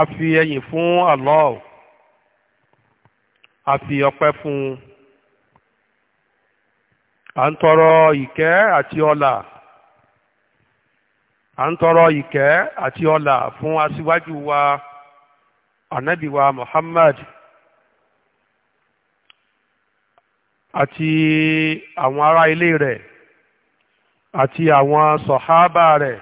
a fi ẹyìn fún Allah a fi ọpẹ́ fún un à ń tọrọ ìkẹ́ àti ọlà à ń tọrọ ìkẹ́ àti ọlà fún aṣíwájú wa ànábì Muhammad àti àwọn ará ilé rẹ̀ àti àwọn sọ̀hábà rẹ̀.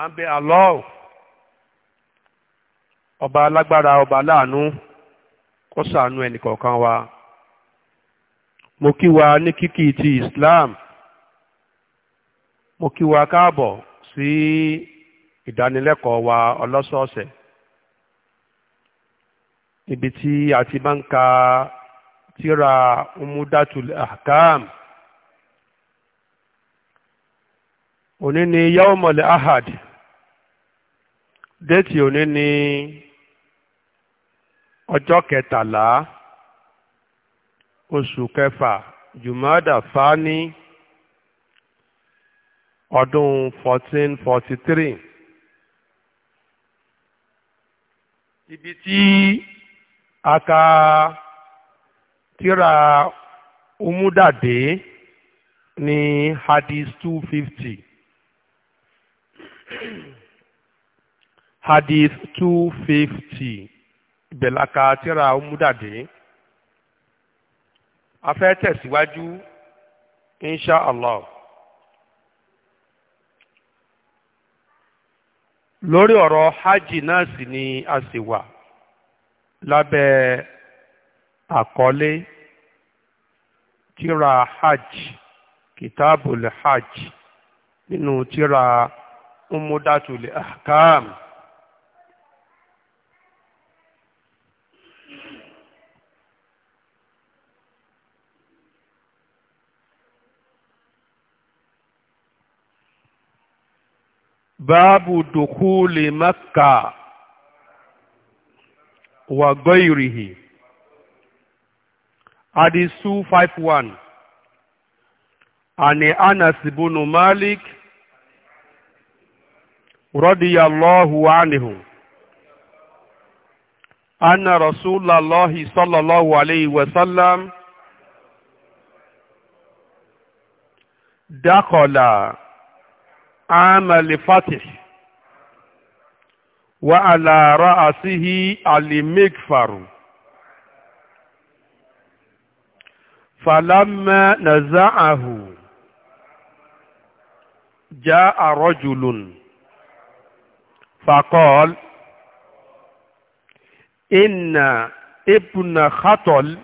à ń bẹ àlọ́ ọba alágbára ọba láàánú kó ṣàánú ẹnìkọ̀ọ̀kan wa mo kí wa ní kíkí ti Islam mo kí wa káàbọ̀ sí ìdánilẹ́kọ̀ọ́ wa ọlọ́sọ̀ọ̀sẹ̀ ibi tí a ti máa ń ka tíra umudatul ahkam. òní ni yaomole ahad déètì òní ni ọjọ́ kẹtàlá oṣù kẹfà jùmọ́dà fani ọdún 1443 ibi tí a ka tíra umudade ní hadith 250 hadith two fifty belaka tíra ọmúdàdé a fẹ́ tẹ̀síwájú insha allah lórí ọrọ hajj náà sì ni a sì wà lábẹ́ àkọlé tira hajj kìtàbùl hajj nínú tira hajj. umudatul ahkam babu dukuli makka wa gairihi hadith 251 ani anas ibn malik رضي الله عنه أن رسول الله صلى الله عليه وسلم دخل عام الفتح وعلى رأسه المغفر فلما نزعه جاء رجل فقال إن ابن خطل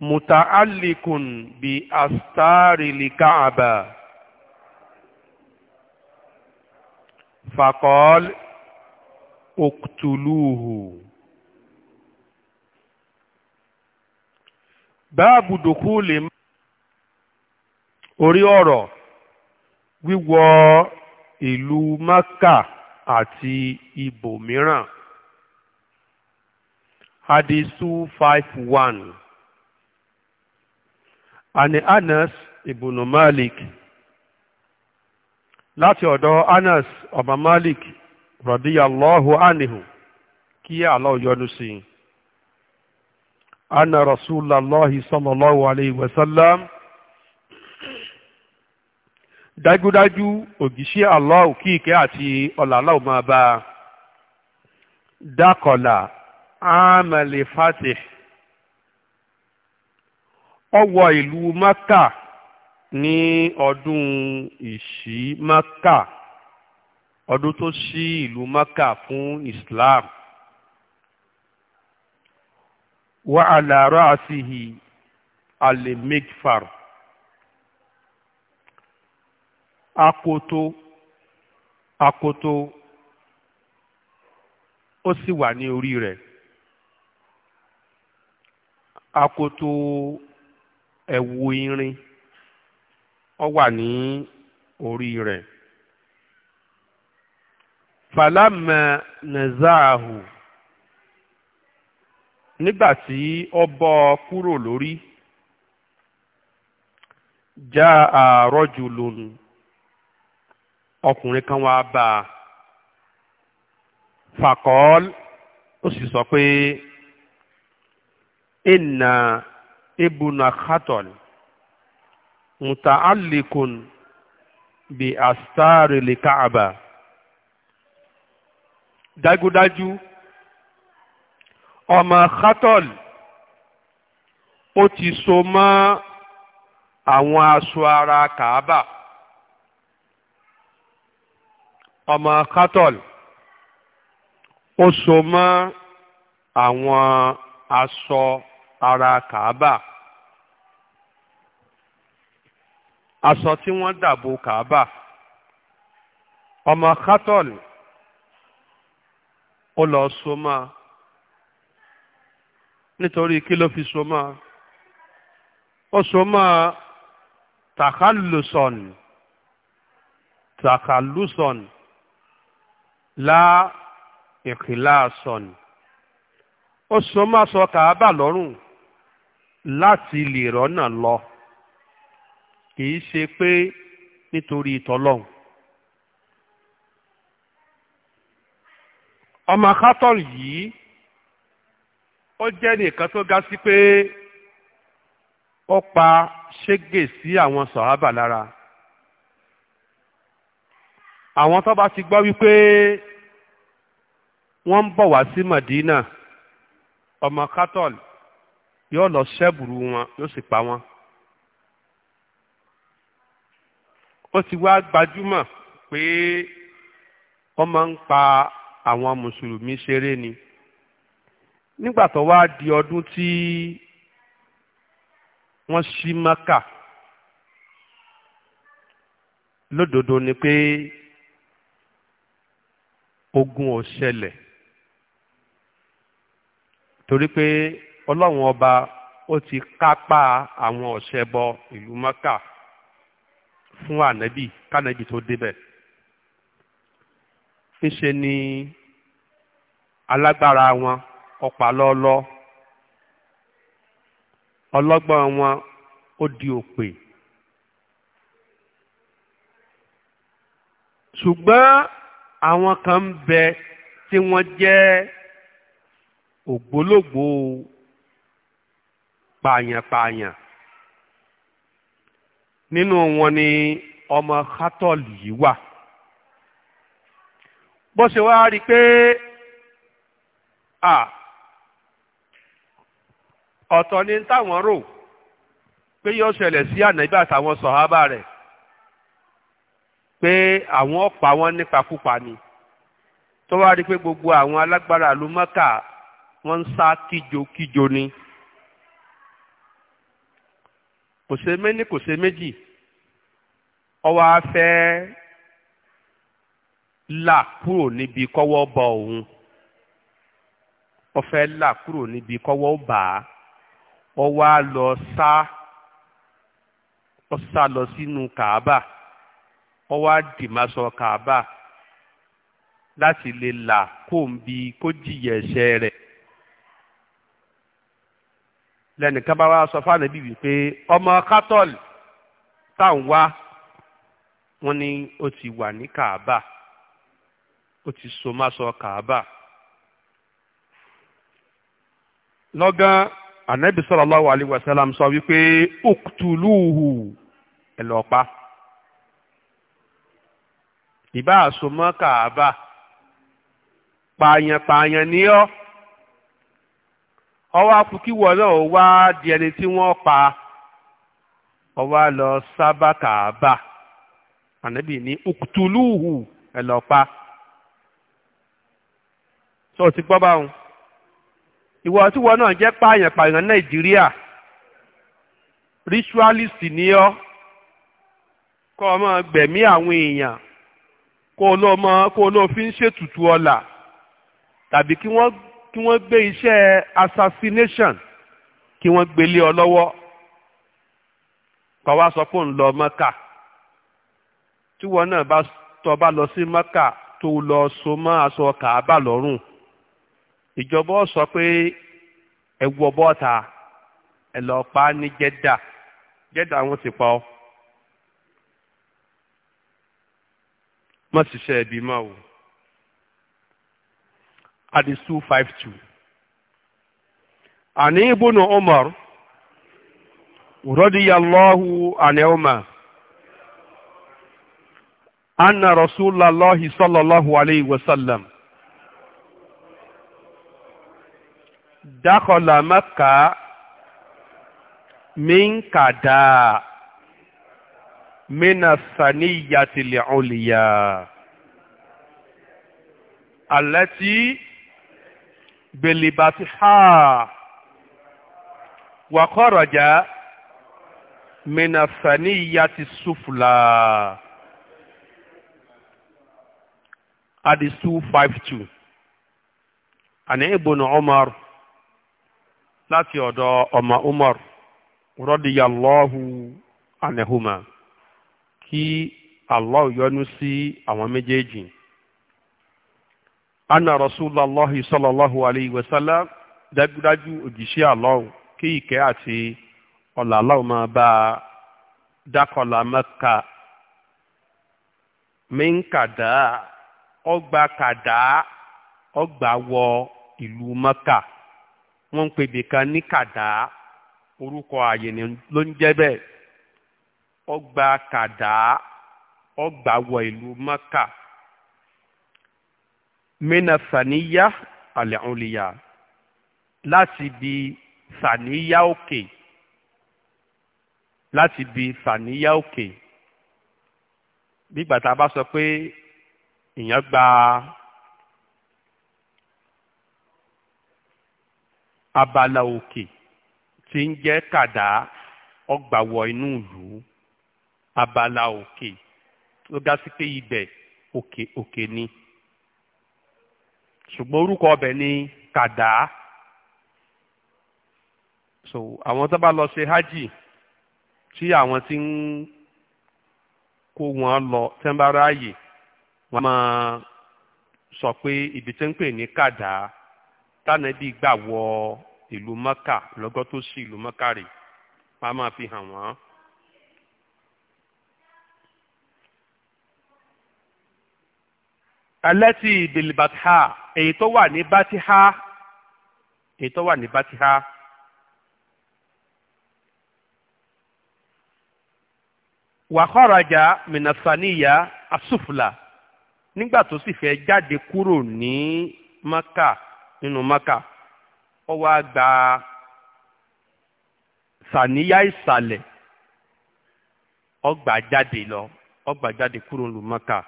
متعلق بأستار الكعبة فقال اقتلوه باب دخول orí ọ̀rọ̀ ìlú maka àti ibòmíràn. Hadith 251 Ani Anas ibn Malik láti ọ̀dọ̀ Anas ọba Malik radiyallahu Anihu kí Allah yọ́nú sí i. Rasulallah sallallahu alayhi wa sallam. dájúdájú ògìṣẹ́ Allah kí ìkẹ́ àti ọ̀là Allah máa bá a dákọ̀là ámàlè fásì ọwọ́ ìlú Mákà ní ọdún ìṣí Mákà ọdún tó ṣí ìlú Mákà fún Islam wa ala ra'sihi al-mikfar akoto akoto ó sì wà ní orí rẹ̀ akoto ẹ̀wù irin ó wà ní orí rẹ̀ falama nazaahu nígbà tí ó bọ́ kúrò lórí já àárọ̀ jù lónìí. ọkùnrin kan wá bá a fàkọ́ọ́l ó sì sọ pé ìnà ibùnà khatol muta'allikun bi astari li káàbà dájúdájú ọmọ khatol ó ti so mọ́ àwọn aṣọ ara kàábà. ọmọ katol ó so mọ́ àwọn aṣọ ara kàábà aṣọ tí wọ́n dàbò kàábà ọmọ katol ó lọ so mọ́ nítorí kí ló fi so mọ́ ó so mọ́ takaluson takaluson la ìkìláàsọ̀n ó so má sọ kàábà lọ́rùn láti lè rọ́nà lọ kì í ṣe pé nítorí ìtọ́lọ́hùn. ọmọ akátọ̀ yìí ó jẹ́ nìkan tó ga sí pé ó pa ṣégè sí àwọn sọ̀hábà lára àwọn tó bá ti gbọ́ wípé wọ́n ń bọ̀ wá sí Madina ọmọ katol yóò lọ ṣẹ́bùrú wọn yóò sì pa wọn. ó ti wá gbajúmọ̀ pé wọ́n máa ń pa àwọn mùsùlùmí ṣeré ni nígbà tó wá di ọdún tí wọ́n ṣí Mákà lódodo ni pé ogun ò ṣẹlẹ̀ torí pé ọlọ́run ọba ó ti kápá àwọn ọ̀ṣẹbọ ìlú mọ́kà fún ànábì kánẹ́bì tó débẹ̀ ńṣe ni alágbára wọn ọ̀pá ọlọ́gbọ́n wọn ó di òpè ṣùgbọ́n àwọn kan ń bẹ tí wọ́n jẹ́ ògbólógbòó pààyàn-pààyàn nínú wọn ni ọmọ kátọ́ọ̀lù yìí wà bó ṣe wá rí i pé ọ̀tọ̀ ni táwọn rò pé yóò ṣẹlẹ̀ sí ànábì àtàwọn sọ̀hábà rẹ̀ pé àwọn ọ̀pá wọn nípakúpa ni tó wá rí pé gbogbo àwọn alágbára ìlú Mọ́kà wọ́n ń sá kíjokíjo ni kò ṣe méní kò ṣe méjì ọwọ́ afẹ́ là kúrò níbi kọ́wọ́ bọ òun ọfẹ́ là kúrò níbi kọ́wọ́ bà á ọwọ́ á lọ sá ọ lọ sínú Kàábà. Si ó wá dìmásọ kàábà láti lè là kó ń bi kó jìyà ẹ̀ṣẹ̀ rẹ̀ lẹ́nìkan bá wá sọ fáwọn ẹbí wípé ọmọ kátọ́ọ̀lù táwọn wá wọ́n ní ó ti wà ní kàábà ó ti so másọ kàábà. lọ́gán ànábì sallallahu alaihi wasallam sọ wípé uktuluhu ẹ̀ lọ́ọ́ ìbá àsomọ́ kàába pààyàn pààyàn ní ọ́ ọwọ́ afukiwọ́ náà ó wá di ẹni tí wọ́n pa ọwọ́ lọ sábà kàába ànábì ní ukutuluhu ẹ lọ pa sọ ti gbọ́ báwọn ìwọ tí wọn náà jẹ́ pààyàn pààyàn nàìjíríà ritualist ni ọ́ kọ́ ọ máa gbẹ̀mí àwọn èèyàn kó o lọ mọ kó o lọ fi ń ṣètùtù ọlà tàbí kí wọ́n kí wọ́n gbé iṣẹ́ assassination kí wọ́n gbé lé ọ lọ́wọ́ kọ́ wá sọ pé ń lọ mọ́kà tí wọ́n náà bá tọ́ bá lọ sí mọ́kà tó lọ so mọ́ aṣọ kàábà lọ́rùn ìjọba sọ pé ẹ wọ bọ́ọ̀ta ẹ lọ pa á ní jẹ́dà jẹ́dà wọn ti pa ọ́ má ṣiṣẹ́ ẹbí mọ́ o hadith two five two àní ibùnú Umar radiyallahu anhuma anna rasulallahi sallallahu alayhi wa sallam dakhala Makkah min kada mina saniyati li'uliya alati bilibatiha wa kharaja mina saniyati sufla hadis 252 ani ibnu umar láti ọ̀dọ̀ ọmọ umar radiyallahu anhuma kí Allah yọ́nú sí àwọn méjèèjì anna rasulallah sallallahu alayhi wa sallam dájúdájú òjíṣẹ́ Allah kí ìkẹ́ àti ọ̀là Allah máa bá a dákọ̀lá Mẹ́kà mínkàdá ọgbà kàdá ọgbà wọ ìlú Mẹ́kà wọ́n ń pè bìkan ní kàdá orúkọ àyè ló ń jẹ́ bẹ́ẹ̀. ọgbà kàdá ọgbà wọ ìlú maka mina saniya alẹ́hùnlíyà láti bi saniya òkè láti bi saniya òkè nígbà tá a bá sọ pé èèyàn gba abala òkè tí ń jẹ́ kàdá ọgbà wọ inú ìlú abala òkè tó ga sí pé ibẹ̀ òkè òkè ni ṣùgbọ́n orúkọ ọbẹ̀ ni kàdá so àwọn tó bá lọ ṣe hajj tí àwọn tí ń kó wọn lọ tẹ́ ń bá ráàyè wọ́n máa sọ pé ibi tí ń pè ní kàdá tánàbí gbà wọ ìlú mọ́kà lọ́gọ́ tó sí ìlú mọ́kà rè wọ́n á máa fi hàn wọ́n. alẹ́tì bilibatiha èyí tó wà ní batiha èyí tó wà ní batiha. wàhọ́rajà mìnàsáníyà asúfùlà nígbà tó sì fẹ́ jáde kúrò ní maka nínú maka ó wá gba sàníyà ìsàlẹ̀ ó jáde lọ ó jade jáde kúrò ní maka.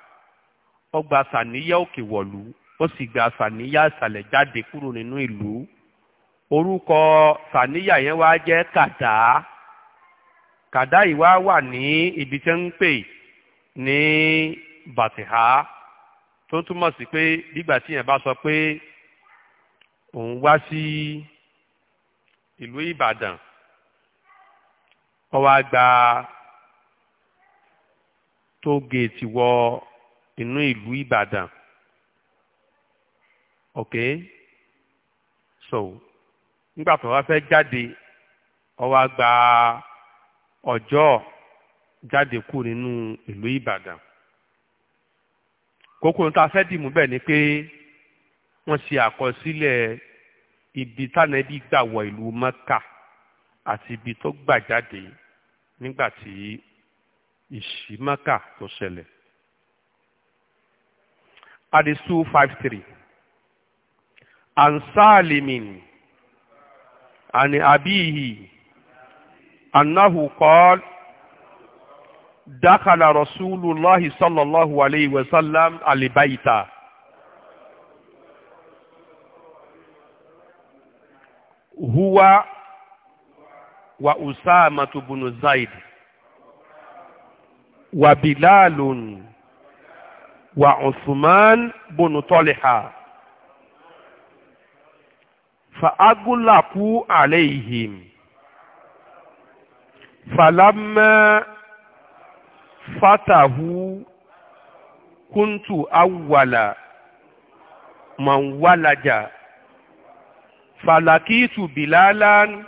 ó gba sàníyá òkè wọ̀lú ó sì gba sàníyá ìsàlẹ̀ jáde kúrò nínú ìlú orúkọ sàníyá yẹn wá jẹ́ kàdá kàdá yìí wá wà ní ibi tí ń pè ní bàtìhá tó túmọ̀ sí pé nígbà tí yẹn bá sọ pé òun wá sí ìlú Ìbàdàn ó wá gba tó géètì wọ inú ìlú Ìbàdàn ok so nígbà tó wá fẹ́ jáde ó wá gba ọjọ́ jáde kú nínú ìlú Ìbàdàn kókó tá a fẹ́ dìmú bẹ́ẹ̀ ni pé wọ́n ṣe àkọsílẹ̀ ibi tánẹ́bí gbà wọ ìlú Mẹ́kà àti ibi tó gbà jáde nígbà tí ìṣí Mẹ́kà tó ṣẹlẹ̀ hadith 253 an salimin an abihi annahu qala dakhala rasulullahi sallallahu alayhi wa sallam albayta huwa wa usamatu bnu zaid wa bilalun wa Usman bunu Toliha fa'agulaku alayhim falamma fatahu kuntu awwala man walaja falakitu bilalan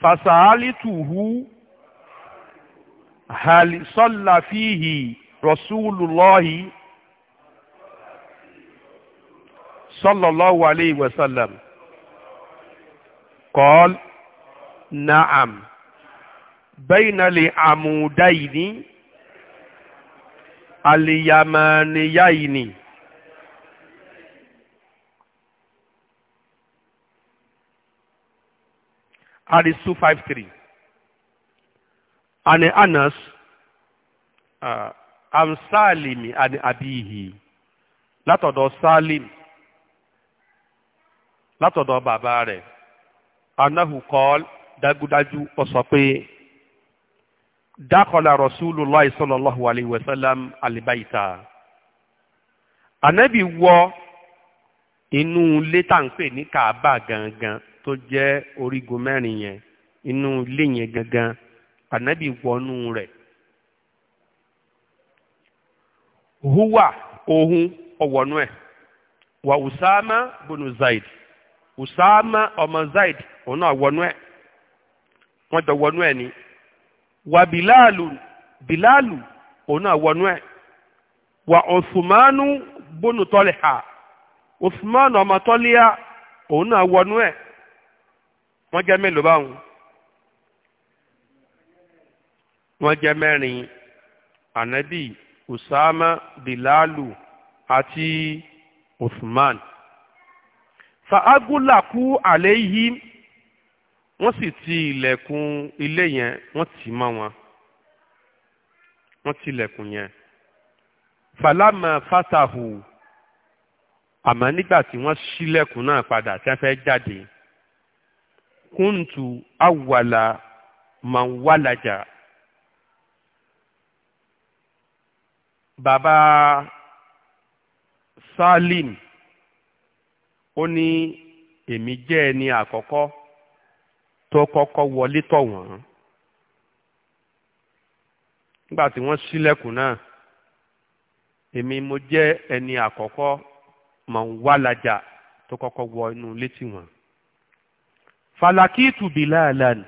fasalituhu hal salla fihi rasulullahi sallallahu alayhi wa sallam qal na'am bayna li amudaini aliyamaniyaini Hadith 253 ani Anas uh, am Salimi ani abiyihi látọ̀dọ̀ Salim látọ̀dọ̀ bàbá rẹ̀ anahu kọ́ọ́l dágúdájú ó sọ pé dákọ̀lá Rasulullah sallallahu alayhi wa sallam alibaita anabi wọ inú ilé tá à ń pè ní Kaaba gangan tó jẹ́ orígun mẹ́rin yẹn inú ilé yẹn gangan ànábì wọnú rẹ̀ huwa ohun ọwọ́nú ẹ̀ wà usama bonu zaid usama ọmọ zaid òun náà ẹ̀ wọ́n jọ wọnú ẹ̀ ni wà bilalu bilalu òun náà ẹ̀ wà osùmánú bonu tọ́lẹ̀ha ọmọ tọ́lẹ̀ha ẹ̀ wọ́n jẹ́ mélòó báwọn. wọ́n jẹ́ mẹ́rin anabi usama bilalu àti usman fàágùlàkú àléyí wọ́n sì ti ilẹ̀kùn ilé yẹn wọ́n tì mọ́ wọn wọ́n ti ilẹ̀kùn yẹn fàlámà fátàhù àmọ́ nígbà tí wọ́n ṣílẹ̀kùn náà padà tí wọ́n fẹ́ jáde kúntù awàlà màwàlàjà bàbá Salim ó ní èmi jẹ́ ẹni àkọ́kọ́ tó kọ́kọ́ wọlé tọ̀ wọ́n nígbà tí wọ́n ṣílẹ̀kùn náà èmi mo jẹ́ ẹni àkọ́kọ́ mọ̀ ń wá lajà tó kọ́kọ́ wọ inú ilé wọ́n. falakitu bilalan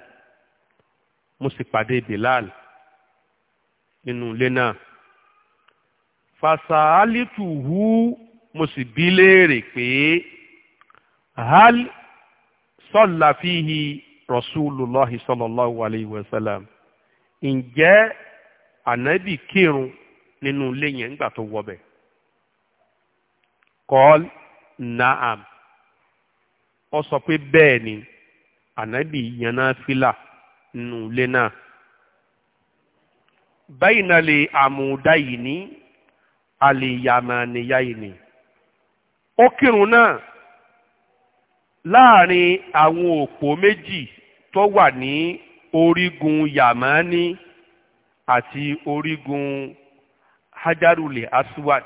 mo sì pàdé bilal nínú ilé náà. fasalituhu mo sì bí léèrè pé hal salla fihi rasulullah sallallahu alayhi wa sallam ǹjẹ́ anabi kírun nínú ilé yẹn nígbà tó wọbẹ̀ kọ́l naam ó sọ bee bẹ́ẹ̀ ni ànábì yànnà fìlà nínú ilé náà báyìí náà lè àmúdáyìí àlìyàmàníyàìní ó kírun náà láàrin àwọn òpó méjì tó wà ní orígun yàmání àti orígun hajarule aswad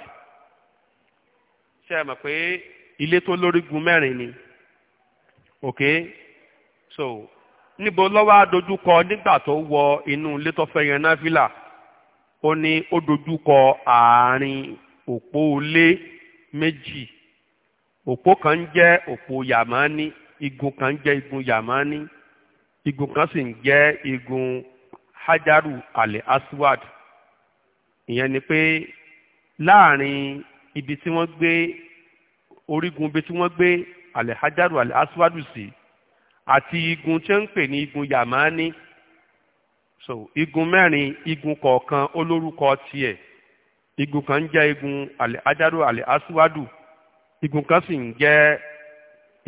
ṣe é mọ̀ pé ilé tó lórígun mẹ́rin ni ok so níbo ló wá dojúkọ nígbà tó wọ inú ilé tó fẹ́ yẹn náfìlà ó ní ó dojúkọ àárín òpó ilé méjì òpó kan jẹ́ òpó yamani igun kan jẹ́ igun yamani igun kan sì ń jẹ́ igun hajaru ali aswad ìyẹn ni pé láàrin ibi tí wọ́n gbé orígun ibi tí wọ́n gbé ali hajaru ali aswad sí àti igun tí wọ́n ń pè ní igun yamani so igun mẹ́rin igun kọ̀ọ̀kan olórúkọ tiẹ̀ igun kan ń jẹ́ igun àlẹ́ ajaru àlẹ́ aswadu igun kan sì ń jẹ́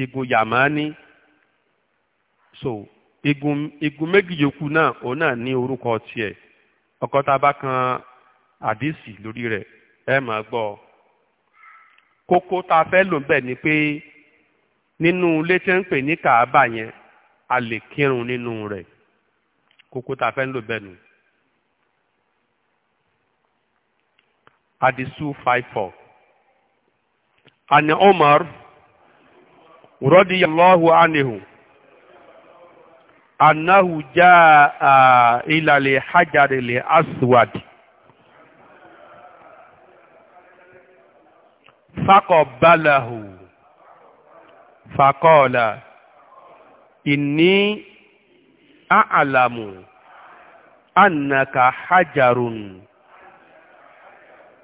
igun yamani so igun igun méjì yòókù náà òun náà ní orúkọ tiẹ̀ ọkọ tá a bá kan àdìsí lórí rẹ̀ ẹ máa gbọ́ kókó tá a fẹ́ lò bẹ́ẹ̀ ni pé nínú ilé tí ń pè ní kàábà yẹn a lè kírun nínú rẹ̀ kókó tá a fẹ́ ń lò bẹ́ẹ̀ nù. Adisu five four. Ani Omar radiyallahu anhu annahu jaa ila li hajari li aswad faqabbalahu faqala inni a'lamu annaka hajarun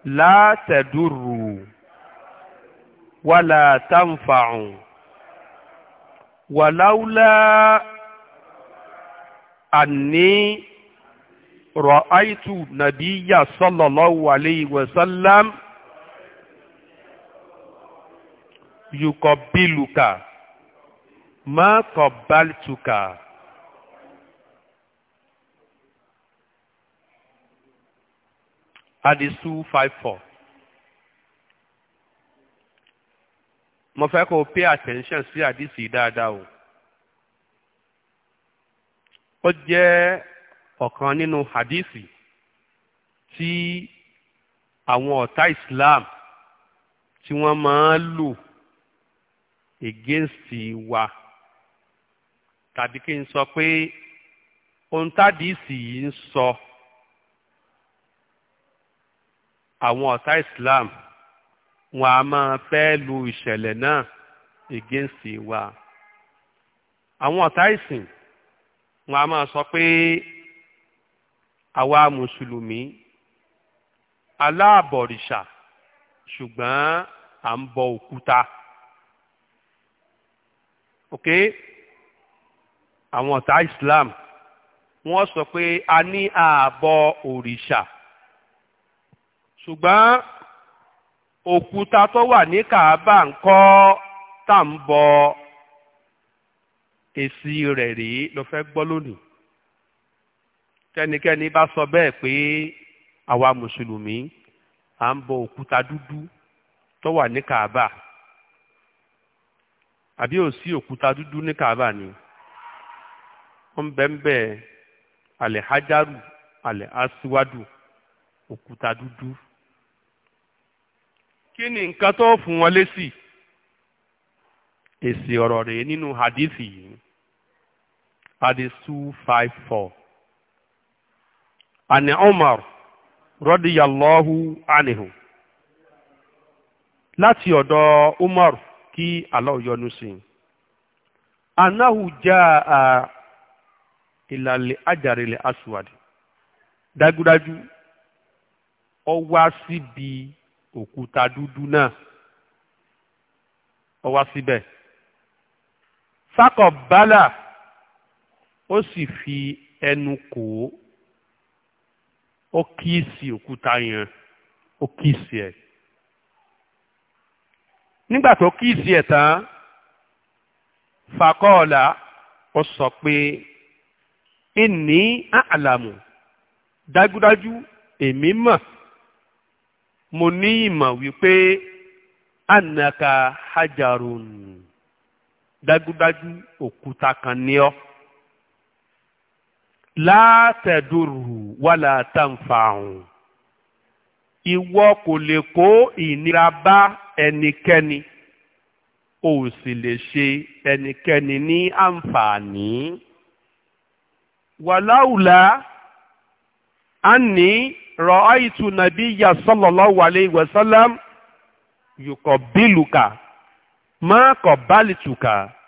la tadurru wala tanfa'u walaula anni ra'aytu nabiyya sallallahu alayhi wa sallam yuqabbiluka ma qabbaltuka hadith two five four. mo fẹ́ kó o pay attention sí àdìsí dáadáa o. ó jẹ́ ọ̀kan nínú àdìsí tí àwọn ọ̀tá Islam tí wọ́n máa ń lò against wa tàbí kí n sọ pé ohun tádìsí yìí ń sọ. So àwọn ọ̀tá Islam wọn a máa fẹ́ lu ìṣẹ̀lẹ̀ náà against wa àwọn ọ̀tá ìsìn wọn a máa sọ pé àwa mùsùlùmí aláàbọ̀rìṣà ṣùgbọ́n à ń bọ òkúta ok àwọn ọ̀tá Islam wọ́n sọ pé a ní ààbọ̀ òrìṣà ṣùgbọ́n òkúta tó wà ní kàábà ń kọ́ tá à ń bọ èsì rẹ̀ rèé ló fẹ́ gbọ́ lónìí tẹnikẹ́ni bá sọ bẹ́ẹ̀ pé àwa mùsùlùmí à ń bọ òkúta dúdú tó wà ní kàábà àbí ò sí òkúta dúdú ní kàábà ni ó ń bẹ ń alẹ́ hajaru alẹ́ asiwadu òkúta dúdú. kí ni nǹkan tó fún wọn lésì èsì ọ̀rọ̀ rèé nínú hadithi yìí hadith two five four ani Umar rọ́díyàlọ́hu anihu láti ọ̀dọ̀ Umar kí Allah yọnu sí i anahu a ìlàlẹ̀ ajarilẹ̀ aswad dájúdájú ó wá síbi. bi. òkúta dúdú náà ó wá síbẹ̀ sákọ̀ bálà ó sì fi ẹnu kò ó ó kíìsì òkúta yẹn ó kíìsì ẹ̀ nígbà tó kíìsì ẹ̀ tán fakọ́ọ̀là ó sọ pé ìní àlàmù dájúdájú èmi mọ̀ mo ní ìmọ̀ wípé anaka hajarun dájúdájú òkúta kan ní ọ látẹ̀dùrù wàlà tàǹfààhùn ìwọ kò lè kó ìnira bá ẹnikẹ́ni o sì lè ṣe ẹnikẹ́ni ní àǹfààní wàláùlà á ní ra'aytu nabiyya sallallahu alayhi wa sallam yuqabbiluka ma qabbaltuka.